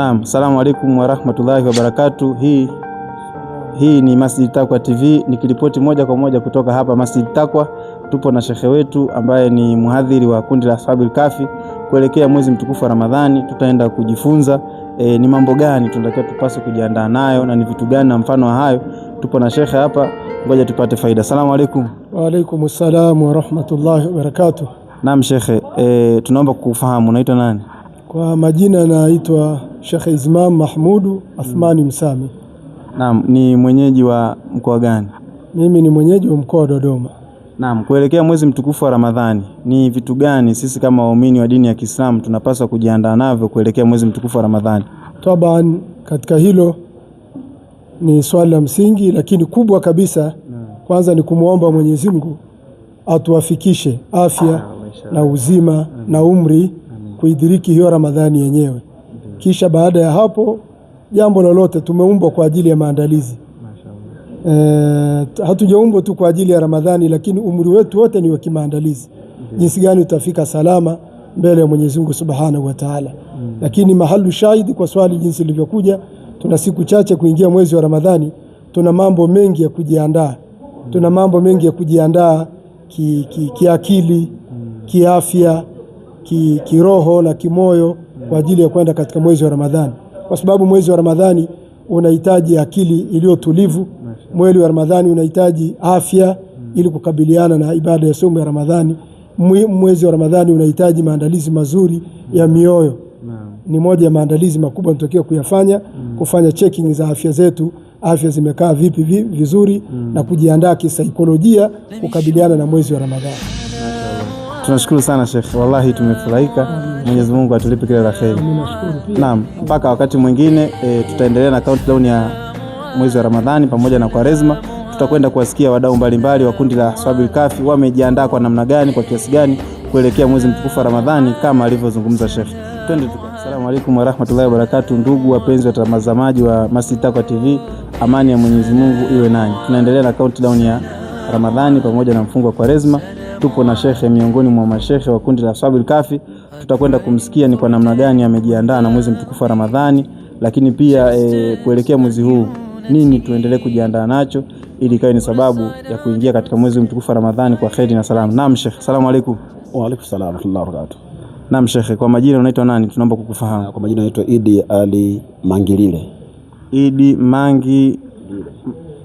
Naam, salamu alaikum warahmatullahi wabarakatu. Hii, hii ni Masjid Takwa TV nikiripoti moja kwa moja kutoka hapa Masjid takwa Tupo na shekhe wetu ambaye ni mhadhiri wa kundi la Ashabul Kafi. Kuelekea mwezi mtukufu wa Ramadhani tutaenda kujifunza e, ni mambo gani tunatakiwa tupaswe kujiandaa nayo na ni vitu gani na mfano wa hayo. Tupo na shekhe hapa, ngoja tupate faida. Salamu alaikum. Wa alaikum rahmatullahi wa barakatuh. Naam shekhe, e, tunaomba kukufahamu unaitwa nani? Kwa majina naitwa Sheikh Izmam Mahmudu Athmani hmm. Msami. Naam, ni mwenyeji wa mkoa gani? Mimi ni mwenyeji wa mkoa wa Dodoma. Naam, kuelekea mwezi mtukufu wa Ramadhani, ni vitu gani sisi kama waumini wa dini ya Kiislamu tunapaswa kujiandaa navyo kuelekea mwezi mtukufu wa Ramadhani? Taban, katika hilo ni swali la msingi, lakini kubwa kabisa hmm. kwanza ni kumwomba Mwenyezi Mungu atuafikishe afya ah, na uzima na umri kuidhiriki hiyo Ramadhani yenyewe. Kisha baada ya hapo, jambo lolote, tumeumbwa kwa ajili ya maandalizi e, hatujaumbwa tu kwa ajili ya Ramadhani, lakini umri wetu wote ni wa kimaandalizi okay. Jinsi gani utafika salama mbele ya Mwenyezi Mungu Subhanahu wa Ta'ala mm. Lakini mahalu shahidi kwa swali jinsi lilivyokuja, tuna siku chache kuingia mwezi wa Ramadhani, tuna mambo mengi ya kujiandaa mm. Tuna mambo mengi ya kujiandaa kiakili ki, ki mm. kiafya ki, kiroho na kimoyo kwa ajili ya kwenda katika mwezi wa Ramadhani, kwa sababu mwezi wa Ramadhani unahitaji akili iliyotulivu. Mwezi wa Ramadhani unahitaji afya ili kukabiliana na ibada ya somo ya Ramadhani. Mwezi wa Ramadhani unahitaji maandalizi mazuri ya mioyo, ni moja ya maandalizi makubwa tunatakiwa kuyafanya, kufanya checking za afya zetu afya zimekaa vipi vizuri, mm. na kujiandaa kisaikolojia kukabiliana na mwezi wa Ramadhani. Tunashukuru sana Sheikh, wallahi tumefurahika. Mwenyezi Mungu atulipe kila la kheri. Naam, mpaka wakati mwingine e, tutaendelea na countdown ya mwezi wa Ramadhani pamoja na Kwaresma. Tutakwenda kuwasikia wadau mbalimbali wa kundi la Ashabul Kafi wamejiandaa kwa namna gani, kwa kiasi gani kuelekea mwezi mtukufu wa Ramadhani kama alivyozungumza Sheikh. Twende tu. Asalamu alaykum wa barakatuh, ndugu wapenzi wa tamazamaji wa Masjid Taqwa TV, amani ya Mwenyezi Mungu iwe nanyi. Tunaendelea na countdown ya Ramadhani pamoja na mfungo wa Kwaresma tupo na shekhe miongoni mwa mashekhe wa kundi la Ashabul Kahfi. Tutakwenda kumsikia ni kwa namna gani amejiandaa na mwezi mtukufu wa Ramadhani, lakini pia e, kuelekea mwezi huu nini tuendelee kujiandaa nacho ili ikawe ni sababu ya kuingia katika mwezi mtukufu wa Ramadhani kwa kheri na salamu. Naam shekhe, asalamu alaykum. Wa alaykum salaam wa rahmatullahi wa barakatuh. Naam shekhe, kwa majina unaitwa nani? Tunaomba kukufahamu. Kwa majina naitwa Idi Ali Mangilile. Idi Mangi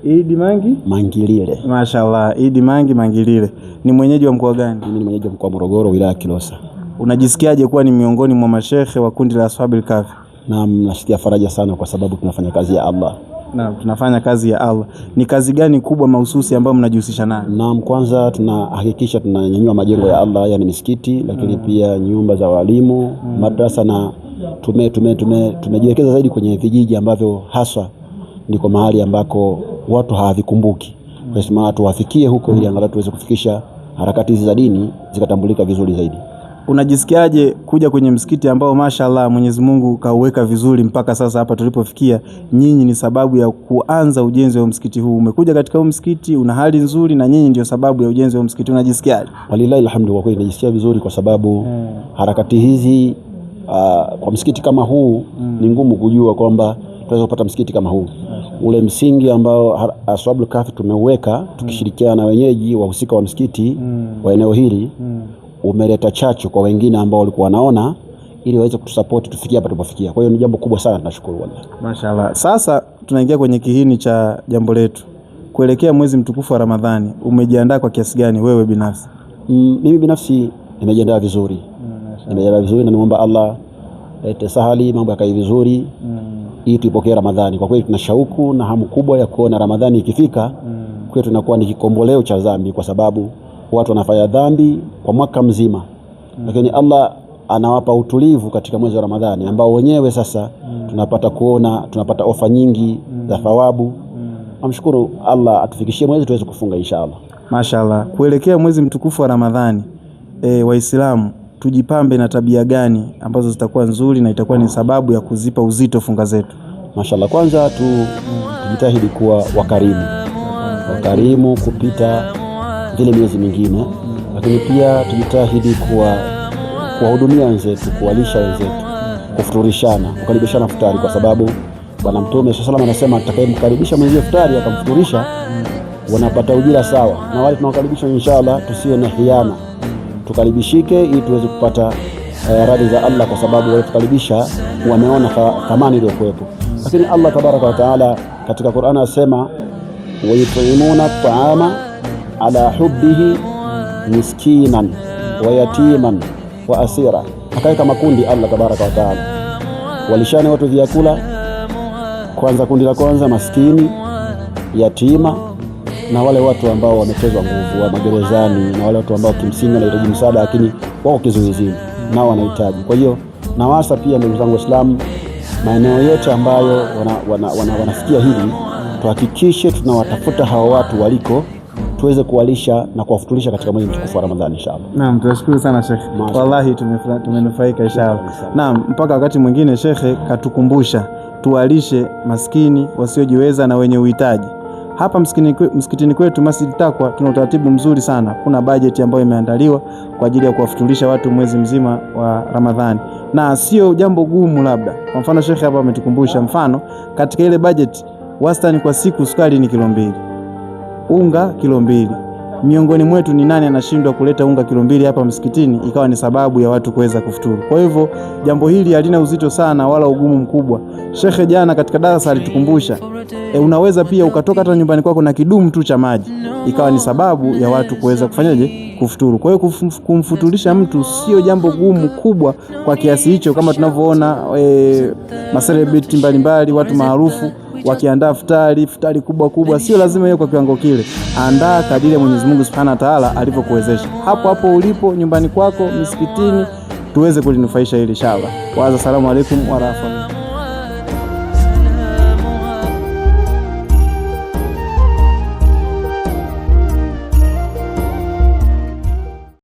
Idi Mangi Mangilile. Mashaallah, Idi Mangi Mangilile ni mwenyeji wa mkoa gani? Mimi ni mwenyeji wa mkoa Morogoro, wilaya ya Kilosa. Unajisikiaje kuwa ni miongoni mwa mashehe wa kundi la Ashabul Kahfi? Naam, nasikia faraja sana kwa sababu tunafanya kazi ya Allah. Naam, tunafanya kazi ya Allah. Ni kazi gani kubwa mahususi ambayo mnajihusisha nayo? Naam, kwanza tunahakikisha tunanyanyua majengo ya Allah, yani misikiti, lakini hmm, pia nyumba za walimu hmm, madrasa na tumejiwekeza tume, tume, tumejiwekeza zaidi kwenye vijiji ambavyo haswa ndiko mahali ambako watu hawavikumbuki. Tunasema watu huko ili angalau tuweze kufikisha harakati hizi za dini zikatambulika vizuri zaidi. Unajisikiaje kuja kwenye msikiti ambao mashallah Mwenyezi Mungu kauweka vizuri mpaka sasa hapa tulipofikia? Nyinyi ni sababu ya kuanza ujenzi wa msikiti huu. Umekuja katika huu msikiti, una hali nzuri, na nyinyi ndio sababu ya ujenzi wa msikiti. Unajisikiaje? Walilahi alhamdu, kwa kweli najisikia vizuri kwa sababu hmm, harakati hizi uh, kwa msikiti kama huu hmm, ni ngumu kujua kwamba tunaweza kupata msikiti kama huu eh ule msingi ambao aswabul kafi tumeuweka tukishirikiana na wenyeji wahusika wa msikiti mm. wa eneo hili mm. umeleta chachu kwa wengine ambao walikuwa wanaona ili waweze kutusapoti tufikie hapa tulipofikia. Kwa hiyo ni jambo kubwa sana, tunashukuru wallahi. Mashaallah. Sasa tunaingia kwenye kihini cha jambo letu kuelekea mwezi mtukufu wa Ramadhani. Umejiandaa kwa kiasi gani wewe binafsi? Mm, mimi binafsi nimejiandaa vizuri, mm, nimejiandaa vizuri na nimeomba Allah ete sahali mambo yakae vizuri mm hii tuipokee Ramadhani. Kwa kweli tuna shauku na hamu kubwa ya kuona Ramadhani ikifika mm. kwetu tunakuwa ni kikomboleo cha dhambi, kwa sababu watu wanafanya dhambi kwa mwaka mzima mm. lakini Allah anawapa utulivu katika mwezi wa Ramadhani ambao wenyewe sasa mm. tunapata kuona tunapata ofa nyingi mm. za mm. thawabu mm. amshukuru Allah atufikishie mwezi tuweze kufunga inshallah. mashallah kuelekea mwezi mtukufu wa Ramadhani e, Waislamu tujipambe na tabia gani ambazo zitakuwa nzuri na itakuwa ni sababu ya kuzipa uzito funga zetu. Mashallah, kwanza tujitahidi kuwa wakarimu, wakarimu kupita vile miezi mingine, lakini pia tujitahidi kuwa kuwahudumia wenzetu, kuwalisha wenzetu, kufuturishana, kukaribishana futari, kwa sababu Bwana Mtume swalla Allahu wasallam anasema atakayemkaribisha mwenzie futari akamfuturisha wanapata ujira sawa na wale tunaokaribishwa. Inshallah tusiwe na hiana tukaribishike, ili tuweze kupata uh, eh, radhi za Allah, kwa sababu walitukaribisha wameona thamani iliyokuwepo. Lakini Allah tabaraka wa taala katika Qur'ani asema wayutimuna taama ala hubbihi miskinan wa yatiman wa asira, akaweka makundi Allah tabaraka wa taala, walishane watu vyakula kwanza, kundi la kwanza maskini, yatima na wale watu ambao wamechezwa nguvu wa magerezani na wale watu ambao kimsingi wanahitaji msaada, lakini wako kizuizini, nao wanahitaji. Kwa hiyo nawasa pia ndugu zangu Waislamu, maeneo yote ambayo wanasikia wana, wana, wana hivi, tuhakikishe tunawatafuta hawa watu waliko tuweze kuwalisha na kuwafutulisha katika mwezi mtukufu wa Ramadhani inshallah. Naam, tunashukuru sana Shekhe, wallahi tumenufaika inshallah. Naam, mpaka wakati mwingine Shekhe katukumbusha tuwalishe maskini wasiojiweza na wenye uhitaji. Hapa msikitini kwetu Masjid Taqwa tuna utaratibu mzuri sana. Kuna bajeti ambayo imeandaliwa kwa ajili ya kuwafutulisha watu mwezi mzima wa Ramadhani, na sio jambo gumu. Labda kwa mfano, shekhe hapa ametukumbusha mfano, katika ile bajeti wastani kwa siku sukari ni kilo mbili, unga kilo mbili miongoni mwetu ni nani anashindwa kuleta unga kilo mbili hapa msikitini, ikawa ni sababu ya watu kuweza kufuturu. Kwa hivyo jambo hili halina uzito sana wala ugumu mkubwa. Shekhe jana katika darasa alitukumbusha e, unaweza pia ukatoka hata nyumbani kwako na kidumu tu cha maji, ikawa ni sababu ya watu kuweza kufanyaje, kufuturu. Kwa hiyo kumfuturisha mtu sio jambo gumu kubwa kwa kiasi hicho, kama tunavyoona e, maselebriti mbalimbali, watu maarufu wakiandaa futari, futari kubwa kubwa, sio lazima iwe kwa kiwango kile. Andaa kadiri ya Mwenyezi Mungu Subhanahu wa Ta'ala alivyokuwezesha, hapo hapo ulipo, nyumbani kwako, misikitini, tuweze kulinufaisha hili shaba. Waza, salamu alaikum warahmatullahi